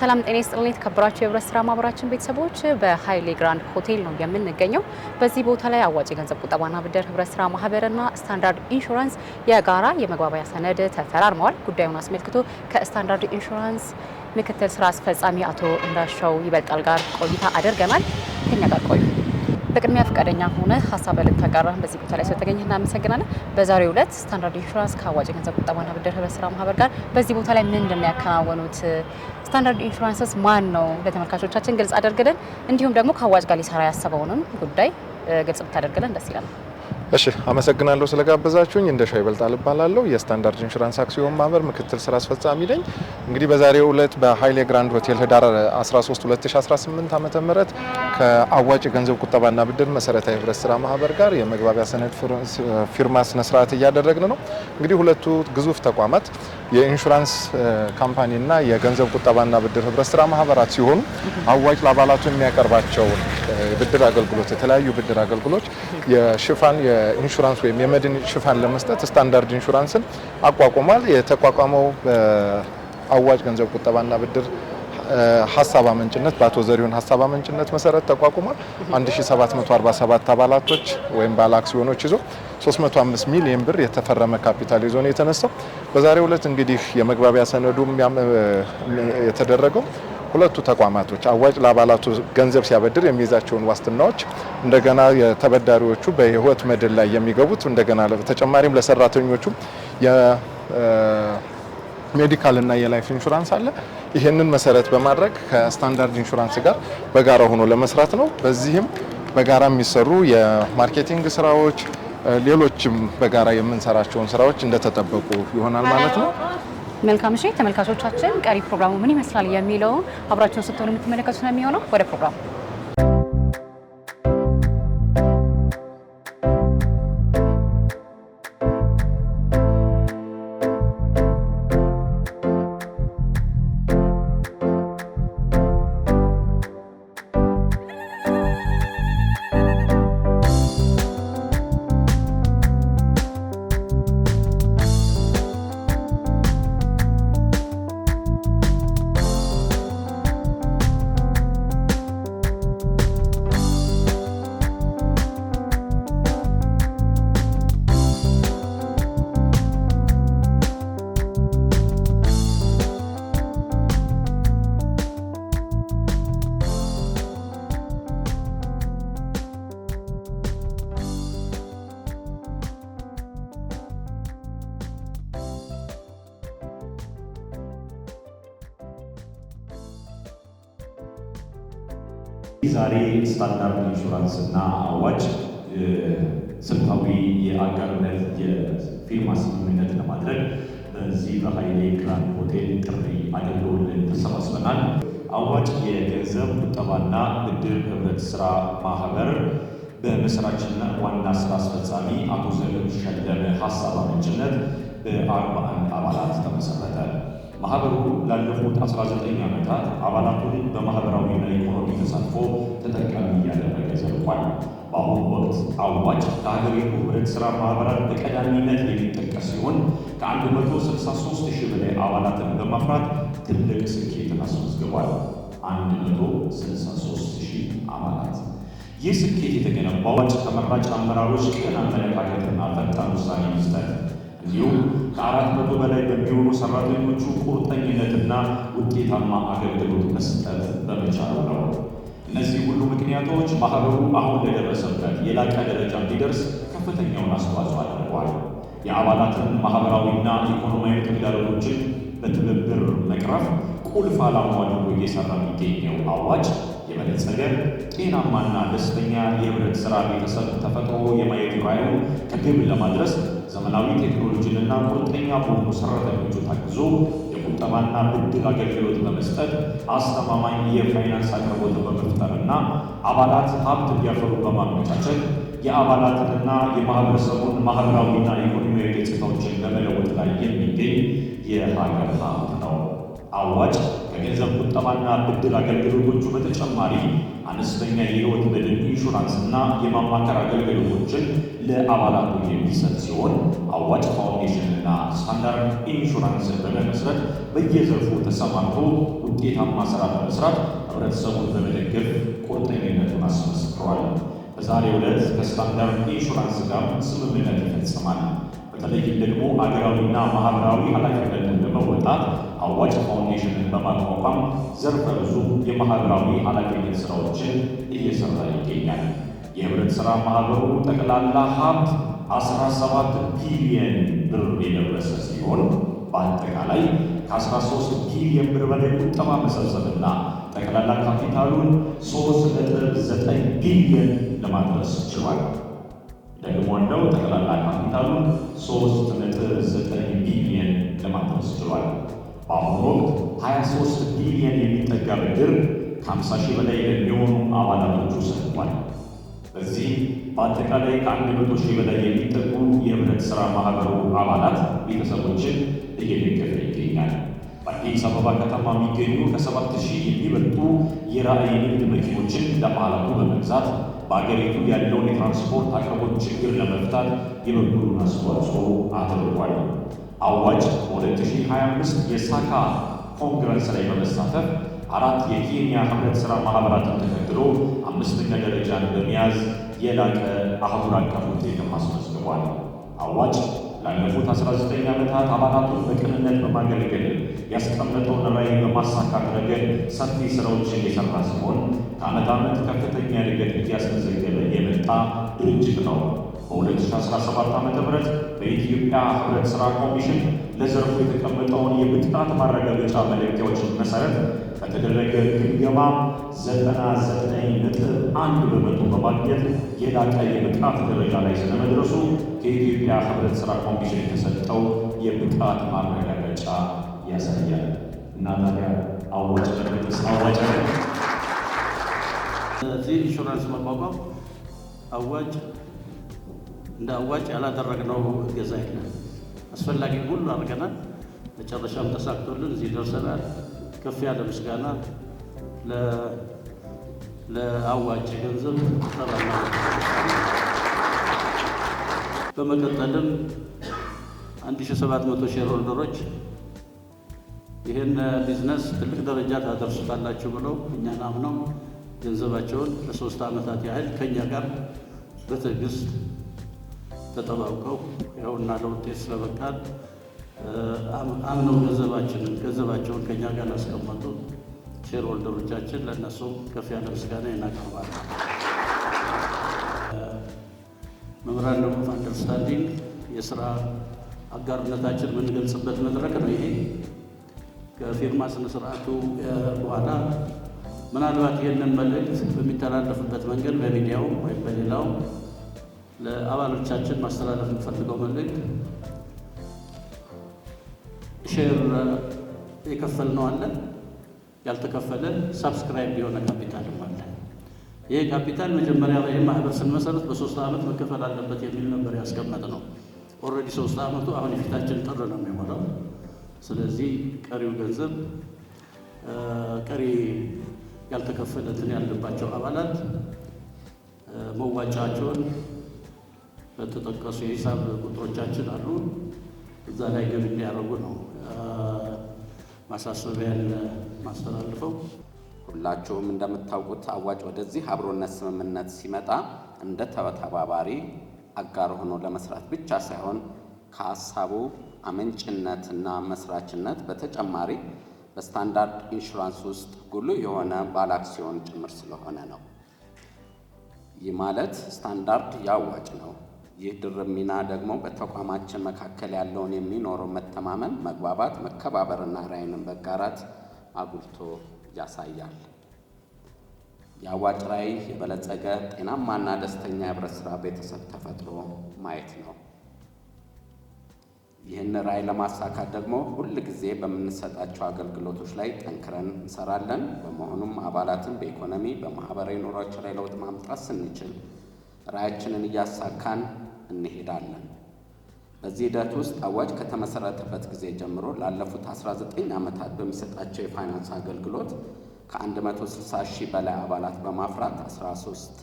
ሰላም ጤና ይስጥልን። የተከበራችሁ የህብረት ስራ ማህበራችን ቤተሰቦች በሀይሌ ግራንድ ሆቴል ነው የምንገኘው። በዚህ ቦታ ላይ አዋጭ የገንዘብ ቁጠባና ብድር ህብረት ስራ ማህበርና ስታንዳርድ ኢንሹራንስ የጋራ የመግባቢያ ሰነድ ተፈራርመዋል። ጉዳዩን አስመልክቶ ከስታንዳርድ ኢንሹራንስ ምክትል ስራ አስፈጻሚ አቶ እንዳሻው ይበልጣል ጋር ቆይታ አድርገናል። ከኛ ጋር ቆዩ። በቅድሚያ ፈቃደኛ ሆነ ሀሳብ ልክ ተጋራህን በዚህ ቦታ ላይ ስለተገኘ እናመሰግናለን። በዛሬው ዕለት ስታንዳርድ ኢንሹራንስ ከአዋጭ ገንዘብ ቁጠባና ብድር ህብረት ስራ ማህበር ጋር በዚህ ቦታ ላይ ምን እንደሚያከናወኑት ስታንዳርድ ኢንሹራንስስ ማን ነው ለተመልካቾቻችን ግልጽ አደርግልን፣ እንዲሁም ደግሞ ከአዋጭ ጋር ሊሰራ ያሰበውንም ጉዳይ ግልጽ ብታደርግልን ደስ ይላል። እሺ አመሰግናለሁ ስለጋበዛችሁኝ። እንደ ሻይ ይበልጣል እባላለሁ የስታንዳርድ ኢንሹራንስ አክሲዮን ማህበር ምክትል ስራ አስፈጻሚ ነኝ። እንግዲህ በዛሬው ዕለት በሀይሌ ግራንድ ሆቴል ህዳር 13 2018 ዓመተ ምህረት ከአዋጭ የገንዘብ ቁጠባና ብድር መሰረታዊ ህብረት ስራ ማህበር ጋር የመግባቢያ ሰነድ ፊርማ ስነስርዓት ስርዓት እያደረግን ነው። እንግዲህ ሁለቱ ግዙፍ ተቋማት የኢንሹራንስ ካምፓኒና የገንዘብ ቁጠባና ብድር ህብረት ስራ ማህበራት ሲሆኑ አዋጭ ለአባላቱ የሚያቀርባቸውን ብድር አገልግሎት የተለያዩ ብድር አገልግሎች የሽፋን የኢንሹራንስ ወይም የመድን ሽፋን ለመስጠት ስታንዳርድ ኢንሹራንስን አቋቁሟል። የተቋቋመው በአዋጭ ገንዘብ ቁጠባና ብድር ሀሳብ አመንጭነት በአቶ ዘሪሁን ሀሳብ አመንጭነት መሰረት ተቋቁሟል። 1747 አባላቶች ወይም ባለ አክሲዮኖች ይዞ 305 ሚሊዮን ብር የተፈረመ ካፒታል ይዞ ነው የተነሳው። በዛሬው ዕለት እንግዲህ የመግባቢያ ሰነዱ የተደረገው ሁለቱ ተቋማቶች አዋጭ ለአባላቱ ገንዘብ ሲያበድር የሚይዛቸውን ዋስትናዎች እንደገና የተበዳሪዎቹ በህይወት መድን ላይ የሚገቡት እንደገና በተጨማሪም ለሰራተኞቹ ሜዲካል እና የላይፍ ኢንሹራንስ አለ። ይህንን መሰረት በማድረግ ከስታንዳርድ ኢንሹራንስ ጋር በጋራ ሆኖ ለመስራት ነው። በዚህም በጋራ የሚሰሩ የማርኬቲንግ ስራዎች፣ ሌሎችም በጋራ የምንሰራቸውን ስራዎች እንደተጠበቁ ይሆናል ማለት ነው። መልካም እሺ ተመልካቾቻችን፣ ቀሪ ፕሮግራሙ ምን ይመስላል የሚለውን አብራችሁን ስትሆኑ የምትመለከቱት ነው የሚሆነው። ወደ ፕሮግራሙ ዛሬ ስታንዳርድ ኢንሹራንስ እና አዋጅ ስልታዊ የአጋርነት የፊርማ ስምምነት ለማድረግ በዚህ በሀይሌ ግራንድ ሆቴል ጥሪ አድርገውልን ተሰባስበናል። አዋጭ የገንዘብ ቁጠባና ብድር ህብረት ስራ ማህበር በመስራችና ዋና ስራ አስፈጻሚ አቶ ዘለም ሸለመ ሀሳብ አመንጭነት በአርባ አንድ አባላት ተመሰረተ። ማህበሩ ላለፉት 19 ዓመታት አባላቱን በማህበራዊና ኢኮኖሚ ተሳትፎ ተጠቃሚ እያደረገ ዘልቋል። በአሁኑ ወቅት አዋጭ ከሀገሪቱ ህብረት ሥራ ማህበራት በቀዳሚነት የሚጠቀስ ሲሆን ከ163 ሺህ በላይ አባላትን በማፍራት ትልቅ ስኬትን አስመዝግቧል። 163 ሺህ አባላት ይህ ስኬት የተገነባው አዋጭ ተመራጭ አመራሮች ቀና አመለካከትና ፈጣን ውሳኔ ይመስላል። እንዲሁም ከአራት መቶ በላይ በሚሆኑ ሰራተኞቹ ቁርጠኝነትና ውጤታማ አገልግሎት መስጠት በመቻሉ ነው። እነዚህ ሁሉ ምክንያቶች ማህበሩ አሁን ለደረሰበት የላቀ ደረጃ እንዲደርስ ከፍተኛውን አስተዋጽኦ አድርገዋል። የአባላትን ማህበራዊና ኢኮኖሚያዊ ተግዳሮቶችን በትብብር መቅረፍ ቁልፍ ዓላማው አድርጎ እየሰራ የሚገኘው አዋጅ የበለጸገ ጤናማና ደስተኛ የህብረት ስራ ቤተሰብ ተፈጥሮ የማየት ራዕዩን ከግብ ለማድረስ ዘመናዊ ቴክኖሎጂንና ቁርጠኛ በሆኑ ሰራተኞቹ ታግዞ የቁጠባና ብድር አገልግሎት በመስጠት አስተማማኝ የፋይናንስ አቅርቦትን በመፍጠርና አባላት ሀብት እንዲያፈሩ በማመቻቸት የአባላትንና የማህበረሰቡን ማህበራዊና ኢኮኖሚያዊ ገጽታዎችን በመለወጥ ላይ የሚገኝ የሀገር ሀብት አዋጭ ከገንዘብ ቁጠባና ብድር አገልግሎቶቹ በተጨማሪ አነስተኛ የህይወት መድን ኢንሹራንስ እና የማማከር አገልግሎቶችን ለአባላቱ የሚሰጥ ሲሆን አዋጭ ፋውንዴሽን እና ስታንዳርድ ኢንሹራንስ በመመስረት በየዘርፉ ተሰማርቶ ውጤታማ ስራ በመስራት ህብረተሰቡን በመደገፍ ቁርጠኝነቱን አስመስክረዋል። በዛሬ ዕለት ከስታንዳርድ ኢንሹራንስ ጋር ስምምነት ይፈጽማል። በተለይም ደግሞ አገራዊና ማህበራዊ ኃላፊነትን ለመወጣት አዋጭ ፋውንዴሽንን በማቋቋም ዘርፈ ብዙ የማህበራዊ ኃላፊነት ስራዎችን እየሰራ ይገኛል። የህብረት ሥራ ማህበሩ ጠቅላላ ሀብት 17 ቢሊየን ብር የደረሰ ሲሆን በአጠቃላይ ከ13 ቢሊየን ብር በላይ ቁጠባ መሰብሰብና ጠቅላላ ካፒታሉን 3.9 ቢሊየን ለማድረስ ችሏል። ደግሞለው ጠቅላላ ካፒታሉን ሶስት ነጥብ ዘጠኝ ቢሊየን ለማድረስ ችሏል። በአሁኑ ወቅት 23 ቢሊየን የሚጠጋ ብድር ከ50 ሺህ በላይ የሚሆኑ አባላቶቹ ሰጥቷል። በዚህ በአጠቃላይ ከ100 ሺህ በላይ የሚጠጉ የህብረት ሥራ ማህበሩ አባላት ቤተሰቦችን እየደገፈ ይገኛል። በአዲስ አበባ ከተማ የሚገኙ ከሰባት ሺህ የሚበልጡ የራዕይ ንግድ መኪኖችን ለአባላቱ በመግዛት በአገሪቱ ያለውን የትራንስፖርት አቅርቦት ችግር ለመፍታት የበኩሉን አስተዋጽኦ አድርጓል። አዋጭ በ2025 የሳካ ኮንግረስ ላይ በመሳተፍ አራት የኬንያ ህብረት ሥራ ማኅበራትን ተከትሎ አምስተኛ ደረጃን በመያዝ የላቀ አህጉር አቀፍ ውጤትም አስመዝግቧል። አዋጭ ላለፉት 19 ዓመታት አባላቱን በቅንነት በማገልገል ያስቀመጠውን ራዕይ በማሳካት ረገድ ሰፊ ስራዎችን የሰራ ሲሆን ከዓመት ዓመት ከፍተኛ እድገት እያስመዘገበ የመጣ ድርጅት ነው። በ2017 ዓ.ም በኢትዮጵያ ህብረት ሥራ ኮሚሽን ለዘርፉ የተቀመጠውን የብቃት ማረጋገጫ መለኪያዎችን መሠረት ከተደረገ ግምገማ 99 ነጥብ 1 በመቶ በማግኘት የላቀ የብቃት ደረጃ ላይ ስለመድረሱ ከኢትዮጵያ ህብረት ስራ ኮሚሽን የተሰጠው የብቃት ማረጋገጫ ያሳያል። እና ታዲያ አዋጭ ለመንግስት አዋጭ እዚህ ኢንሹራንስ መቋቋም አዋጭ እንደ አዋጭ ያላደረግነው እገዛ የለም። አስፈላጊ ሁሉ አድርገናል። መጨረሻም ተሳክቶልን እዚህ ደርሰናል። ከፍ ያለ ምስጋና ለአዋጭ ገንዘብ ተባለ። በመቀጠልም 1700 ሼር ሆልደሮች ይህን ቢዝነስ ትልቅ ደረጃ ታደርሱታላችሁ ብለው እኛን አምነው ገንዘባቸውን ለሶስት ዓመታት ያህል ከእኛ ጋር በትዕግስት ተጠባብቀው ይኸውና ለውጤት ስለበቃል አምነው ገንዘባችንን ገንዘባቸውን ከእኛ ጋር ያስቀመጡ ሼር ሆልደሮቻችን ለእነሱም ከፍ ያለ ምስጋና እናቀርባለን። ሜሞራንደም ኦፍ አንደርስታንዲንግ የስራ አጋርነታችን የምንገልጽበት መድረክ ነው ይሄ። ከፊርማ ስነ ስርዓቱ በኋላ ምናልባት ይህንን መልእክት በሚተላለፍበት መንገድ በሚዲያው ወይም በሌላው ለአባሎቻችን ማስተላለፍ የምፈልገው መልእክት ሼር የከፈልነው አለ፣ ያልተከፈለ ሳብስክራይብ የሆነ ካፒታልም አለን። ይሄ ካፒታል መጀመሪያ ላይ ማህበር ስንመሰረት በሶስት ዓመት መከፈል አለበት የሚል ነበር ያስቀመጥ ነው። ኦልሬዲ ሶስት ዓመቱ አሁን የፊታችን ጥር ነው የሚሞላው። ስለዚህ ቀሪው ገንዘብ ቀሪ ያልተከፈለትን ያለባቸው አባላት መዋጫቸውን በተጠቀሱ የሂሳብ ቁጥሮቻችን አሉ እዛ ላይ ገቢ እንዲያደርጉ ነው ማሳሰቢያን ማስተላልፈው። ሁላችሁም እንደምታውቁት አዋጭ ወደዚህ አብሮነት ስምምነት ሲመጣ እንደ ተተባባሪ አጋር ሆኖ ለመስራት ብቻ ሳይሆን ከሀሳቡ አመንጭነትና መስራችነት በተጨማሪ በስታንዳርድ ኢንሹራንስ ውስጥ ጉልህ የሆነ ባለአክሲዮን ጭምር ስለሆነ ነው። ይህ ማለት ስታንዳርድ ያዋጭ ነው። ይህ ድርብ ሚና ደግሞ በተቋማችን መካከል ያለውን የሚኖረው መተማመን፣ መግባባት፣ መከባበርና ራዕይን በጋራት አጉልቶ ያሳያል። የአዋጭ ጭራይ የበለጸገ ጤናማና ደስተኛ የህብረት ስራ ቤተሰብ ተፈጥሮ ማየት ነው። ይህን ራዕይ ለማሳካት ደግሞ ሁል ጊዜ በምንሰጣቸው አገልግሎቶች ላይ ጠንክረን እንሰራለን። በመሆኑም አባላትን በኢኮኖሚ በማህበራዊ ኑሯቸው ላይ ለውጥ ማምጣት ስንችል ራዕያችንን እያሳካን እንሄዳለን። በዚህ ሂደት ውስጥ አዋጅ ከተመሰረተበት ጊዜ ጀምሮ ላለፉት 19 ዓመታት በሚሰጣቸው የፋይናንስ አገልግሎት ከ160 ሺህ በላይ አባላት በማፍራት 13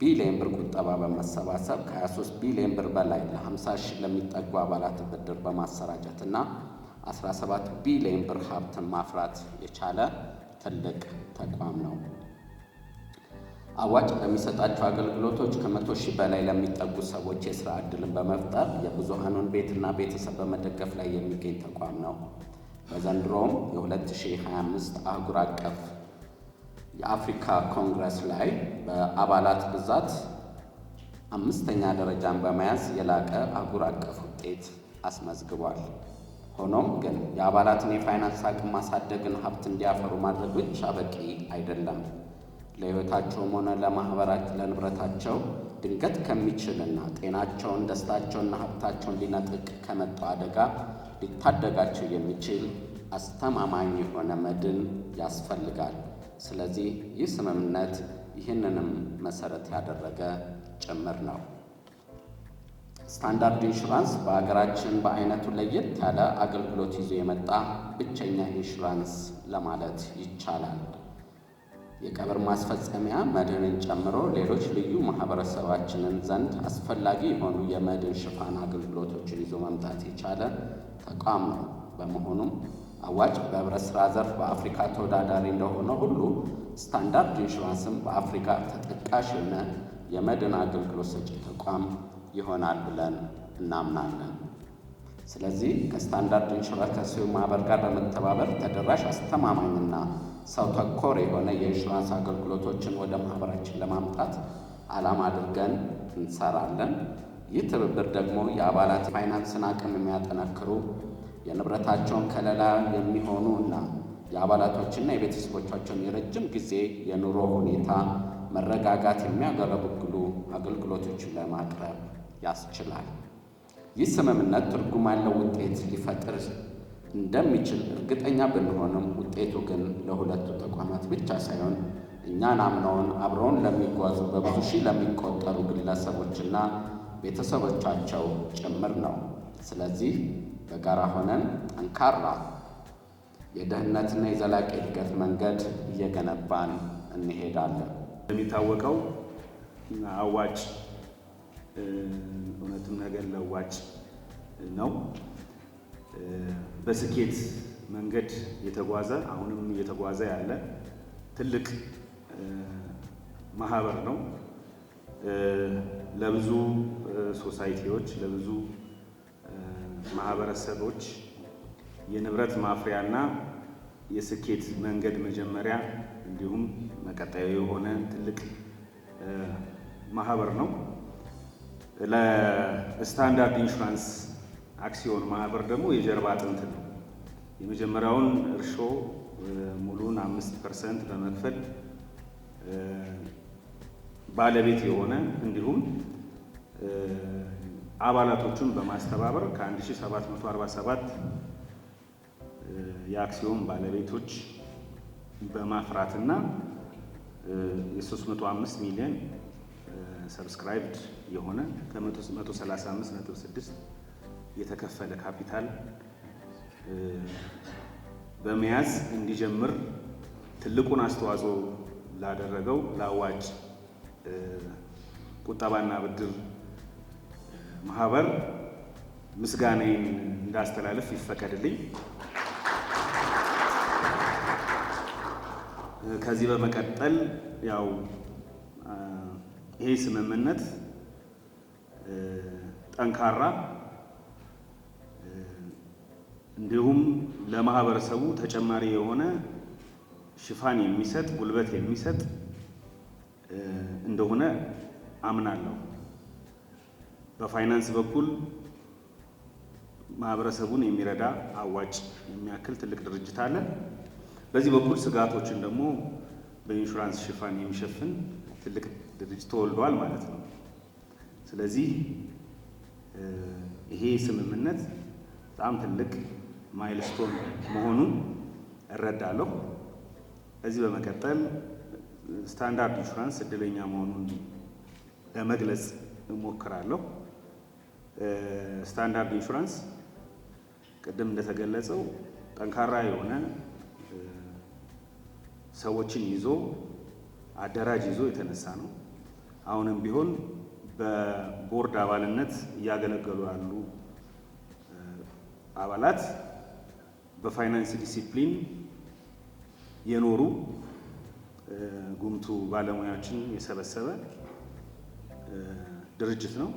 ቢሊዮን ብር ቁጠባ በመሰባሰብ ከ23 ቢሊዮን ብር በላይ ለ50 ሺህ ለሚጠጉ አባላት ብድር በማሰራጨት እና 17 ቢሊዮን ብር ሀብትን ማፍራት የቻለ ትልቅ ተቋም ነው። አዋጭ በሚሰጣቸው አገልግሎቶች ከመቶ ሺህ በላይ ለሚጠጉ ሰዎች የስራ ዕድልን በመፍጠር የብዙሃኑን ቤትና ቤተሰብ በመደገፍ ላይ የሚገኝ ተቋም ነው። በዘንድሮም የ2025 አህጉር አቀፍ የአፍሪካ ኮንግረስ ላይ በአባላት ብዛት አምስተኛ ደረጃን በመያዝ የላቀ አህጉር አቀፍ ውጤት አስመዝግቧል። ሆኖም ግን የአባላትን የፋይናንስ አቅም ማሳደግን ሀብት እንዲያፈሩ ማድረግ ብቻ በቂ አይደለም። ለሕይወታቸውም ሆነ ለማኅበራቸው ለንብረታቸው ድንገት ከሚችልና ጤናቸውን፣ ደስታቸውንና ሀብታቸውን ሊነጥቅ ከመጣው አደጋ ሊታደጋቸው የሚችል አስተማማኝ የሆነ መድን ያስፈልጋል። ስለዚህ ይህ ስምምነት ይህንንም መሰረት ያደረገ ጭምር ነው። ስታንዳርድ ኢንሹራንስ በሀገራችን በአይነቱ ለየት ያለ አገልግሎት ይዞ የመጣ ብቸኛ ኢንሹራንስ ለማለት ይቻላል። የቀብር ማስፈጸሚያ መድንን ጨምሮ ሌሎች ልዩ ማህበረሰባችንን ዘንድ አስፈላጊ የሆኑ የመድን ሽፋን አገልግሎቶችን ይዞ መምጣት የቻለ ተቋም ነው። በመሆኑም አዋጭ በህብረት ስራ ዘርፍ በአፍሪካ ተወዳዳሪ እንደሆነ ሁሉ ስታንዳርድ ኢንሹራንስም በአፍሪካ ተጠቃሽ የሆነ የመድን አገልግሎት ሰጪ ተቋም ይሆናል ብለን እናምናለን። ስለዚህ ከስታንዳርድ ኢንሹራንስ ከሲዩ ማህበር ጋር በመተባበር ተደራሽ አስተማማኝና ሰው ተኮር የሆነ የኢንሹራንስ አገልግሎቶችን ወደ ማህበራችን ለማምጣት ዓላማ አድርገን እንሰራለን። ይህ ትብብር ደግሞ የአባላት ፋይናንስን አቅም የሚያጠነክሩ የንብረታቸውን ከለላ የሚሆኑ እና የአባላቶችና የቤተሰቦቻቸውን የረጅም ጊዜ የኑሮ ሁኔታ መረጋጋት የሚያገለግሉ አገልግሎቶችን ለማቅረብ ያስችላል። ይህ ስምምነት ትርጉም ያለው ውጤት ሊፈጥር እንደሚችል እርግጠኛ ብንሆንም ውጤቱ ግን ለሁለቱ ተቋማት ብቻ ሳይሆን እኛን አምነውን አብረውን ለሚጓዙ በብዙ ሺህ ለሚቆጠሩ ግለሰቦችና ቤተሰቦቻቸው ጭምር ነው። ስለዚህ በጋራ ሆነን ጠንካራ የደህንነትና የዘላቂ እድገት መንገድ እየገነባን እንሄዳለን። እንደሚታወቀው አዋጭ እውነትም ነገር ለዋጭ ነው። በስኬት መንገድ የተጓዘ አሁንም እየተጓዘ ያለ ትልቅ ማህበር ነው። ለብዙ ሶሳይቲዎች፣ ለብዙ ማህበረሰቦች የንብረት ማፍሪያና የስኬት መንገድ መጀመሪያ እንዲሁም መቀጠያ የሆነ ትልቅ ማህበር ነው። ለስታንዳርድ ኢንሹራንስ አክሲዮን ማህበር ደግሞ የጀርባ አጥንት ነው። የመጀመሪያውን እርሾ ሙሉን አምስት ፐርሰንት በመክፈል ባለቤት የሆነ እንዲሁም አባላቶቹን በማስተባበር ከ1747 የአክሲዮን ባለቤቶች እና የ305 ሚሊዮን ሰብስክራይብድ የሆነ ከ135.6 የተከፈለ ካፒታል በመያዝ እንዲጀምር ትልቁን አስተዋጽኦ ላደረገው ለአዋጭ ቁጠባና ብድር ማህበር ምስጋናዬን እንዳስተላለፍ ይፈቀድልኝ። ከዚህ በመቀጠል ያው ይሄ ስምምነት ጠንካራ እንዲሁም ለማህበረሰቡ ተጨማሪ የሆነ ሽፋን የሚሰጥ ጉልበት የሚሰጥ እንደሆነ አምናለሁ። በፋይናንስ በኩል ማህበረሰቡን የሚረዳ አዋጭ የሚያክል ትልቅ ድርጅት አለ። በዚህ በኩል ስጋቶችን ደግሞ በኢንሹራንስ ሽፋን የሚሸፍን ትልቅ ድርጅት ተወልዷል ማለት ነው። ስለዚህ ይሄ ስምምነት በጣም ትልቅ ማይልስቶን መሆኑን እረዳለሁ። ከዚህ በመቀጠል ስታንዳርድ ኢንሹራንስ እድለኛ መሆኑን ለመግለጽ እሞክራለሁ። ስታንዳርድ ኢንሹራንስ ቅድም እንደተገለጸው ጠንካራ የሆነ ሰዎችን ይዞ አደራጅ ይዞ የተነሳ ነው። አሁንም ቢሆን በቦርድ አባልነት እያገለገሉ ያሉ አባላት በፋይናንስ ዲሲፕሊን የኖሩ ጉምቱ ባለሙያዎችን የሰበሰበ ድርጅት ነው።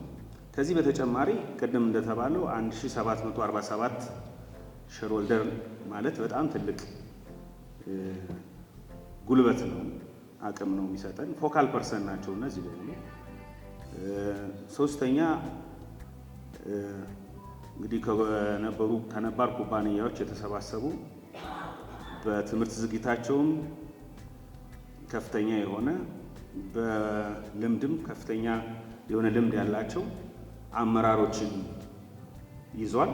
ከዚህ በተጨማሪ ቅድም እንደተባለው 1747 ሸርሆልደር ማለት በጣም ትልቅ ጉልበት ነው፣ አቅም ነው የሚሰጠን። ፎካል ፐርሰን ናቸው እነዚህ በሙሉ ሶስተኛ እንግዲህ ከነበሩ ከነባር ኩባንያዎች የተሰባሰቡ በትምህርት ዝግጅታቸውም ከፍተኛ የሆነ በልምድም ከፍተኛ የሆነ ልምድ ያላቸው አመራሮችን ይዟል።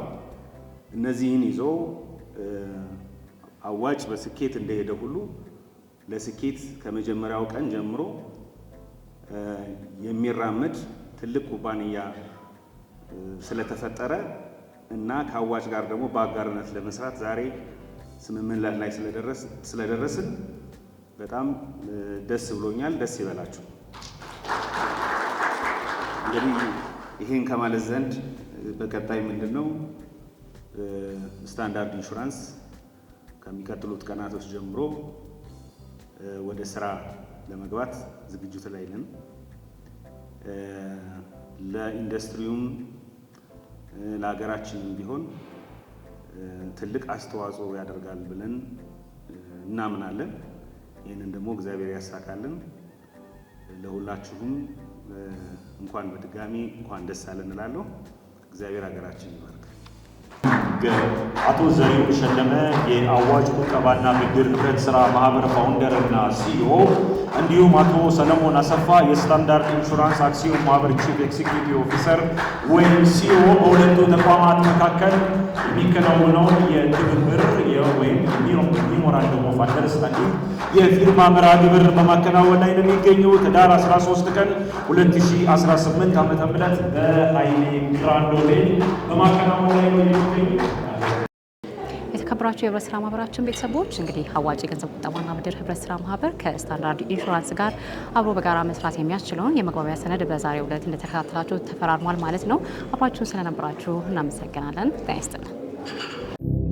እነዚህን ይዞ አዋጭ በስኬት እንደሄደ ሁሉ ለስኬት ከመጀመሪያው ቀን ጀምሮ የሚራመድ ትልቅ ኩባንያ ስለተፈጠረ እና ከአዋጭ ጋር ደግሞ በአጋርነት ለመስራት ዛሬ ስምምነት ላይ ስለደረስን በጣም ደስ ብሎኛል። ደስ ይበላችሁ። እንግዲህ ይህን ከማለት ዘንድ በቀጣይ ምንድን ነው ስታንዳርድ ኢንሹራንስ ከሚቀጥሉት ቀናቶች ጀምሮ ወደ ስራ ለመግባት ዝግጅት ላይ ነን። ለኢንዱስትሪውም ለሀገራችንም ቢሆን ትልቅ አስተዋጽኦ ያደርጋል ብለን እናምናለን። ይህንን ደግሞ እግዚአብሔር ያሳካልን። ለሁላችሁም እንኳን በድጋሚ እንኳን ደስ አለን እላለሁ። እግዚአብሔር ሀገራችን ይባርክ። አቶ ዘሪሁን ሸለመ የአዋጅ ቁጠባና ብድር ህብረት ስራ ማህበር ፋውንደርና ሲኢኦ እንዲሁም አቶ ሰለሞን አሰፋ የስታንዳርድ ኢንሹራንስ አክሲዮን ማህበር ቺፍ ኤክዚኪዩቲቭ ኦፊሰር ወይም ሲኢኦ በሁለቱ ተቋማት መካከል የሚከናወነው የትብብር ወይም ሜሞራንደም ኦፍ አንደርስታንዲንግ የፊርማ መርሃ ግብር በማከናወን ላይ ነው የሚገኘው። ህዳር 13 ቀን 2018 ዓ ም በሀይሌ ግራንድ ሆቴል በማከናወን ላይ ነው የሚገኘው። የተከበራችሁ የህብረት ስራ ማህበራችን ቤተሰቦች እንግዲህ አዋጭ የገንዘብ ቁጠባና ብድር ህብረት ስራ ማህበር ከስታንዳርድ ኢንሹራንስ ጋር አብሮ በጋራ መስራት የሚያስችለውን የመግባቢያ ሰነድ በዛሬው ዕለት እንደተከታተላችሁ ተፈራርሟል ማለት ነው። አብራችሁን ስለነበራችሁ እናመሰግናለን። ጤና ይስጥልን። you